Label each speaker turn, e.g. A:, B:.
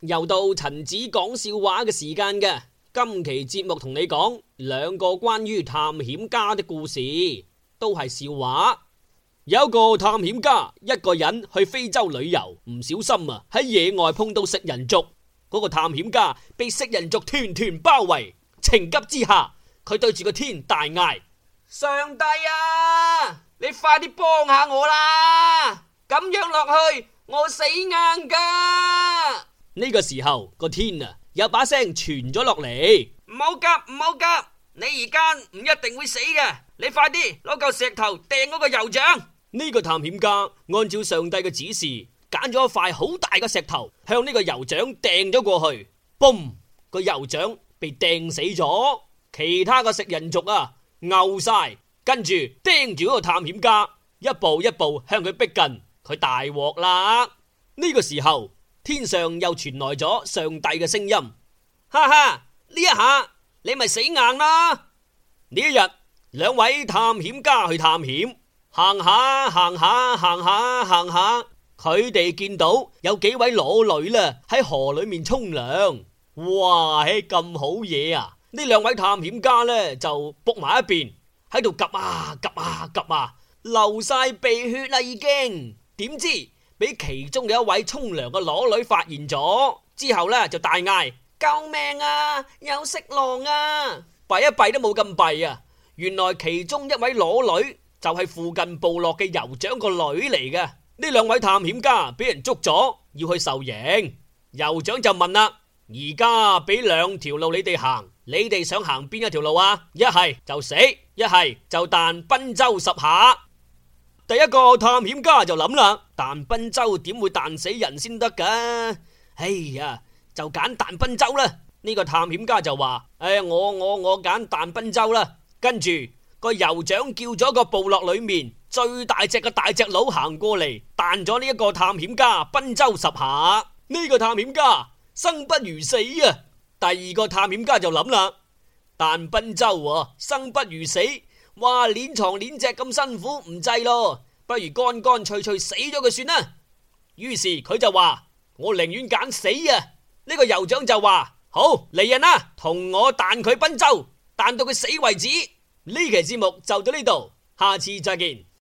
A: 又到陳子講笑話嘅時間嘅，今期節目同你講兩個關於探險家的故事，都係笑話。有一個探險家一個人去非洲旅遊，唔小心啊喺野外碰到食人族，嗰個探險家被食人族團團包圍，情急之下佢對住個天大嗌：上帝啊，你快啲幫下我啦！咁樣落去我死硬噶。呢個時候個天啊，有把聲傳咗落嚟，唔好急，唔好急，你而家唔一定會死嘅，你快啲攞嚿石頭掟嗰個酋長。呢個探險家按照上帝嘅指示揀咗一塊好大嘅石頭，向呢個酋長掟咗過去，嘣，個酋長被掟死咗，其他嘅食人族啊，毆晒，跟住盯住嗰個探險家，一步一步向佢逼近，佢大鑊啦！呢個時候。天上又傳來咗上帝嘅聲音，哈哈！呢一下你咪死硬啦！呢一日，兩位探險家去探險，行下行下行下行下，佢哋見到有幾位裸女啦喺河裏面沖涼。哇！咁好嘢啊！呢兩位探險家呢就撲埋一邊喺度急啊急啊急啊，流晒鼻血啦已經，點知？俾其中嘅一位沖涼嘅裸女發現咗之後呢，就大嗌：救命啊！有色狼啊！弊一弊都冇咁弊啊！原來其中一位裸女就係附近部落嘅酋長個女嚟嘅。呢兩位探險家俾人捉咗，要去受刑。酋長就問啦：而家俾兩條路你哋行，你哋想行邊一條路啊？一係就死，一係就彈賓周十下。第一個探險家就諗啦，彈賓州點會彈死人先得噶？哎呀，就揀彈賓州啦！呢個探險家就話：哎我我我揀彈賓州啦！跟住個酋長叫咗個部落裏面最大隻嘅大隻佬行過嚟，彈咗呢一個探險家賓州十下，呢個探險家生不如死啊！第二個探險家就諗啦，彈賓州啊，生不如死。哇！鏈床鏈只咁辛苦，唔制咯，不如乾乾脆脆死咗佢算啦。於是佢就話：我寧願揀死啊！呢、這個酋長就話：好，嚟人啦，啊，同我彈佢賓周，彈到佢死為止。呢期節目就到呢度，下次再見。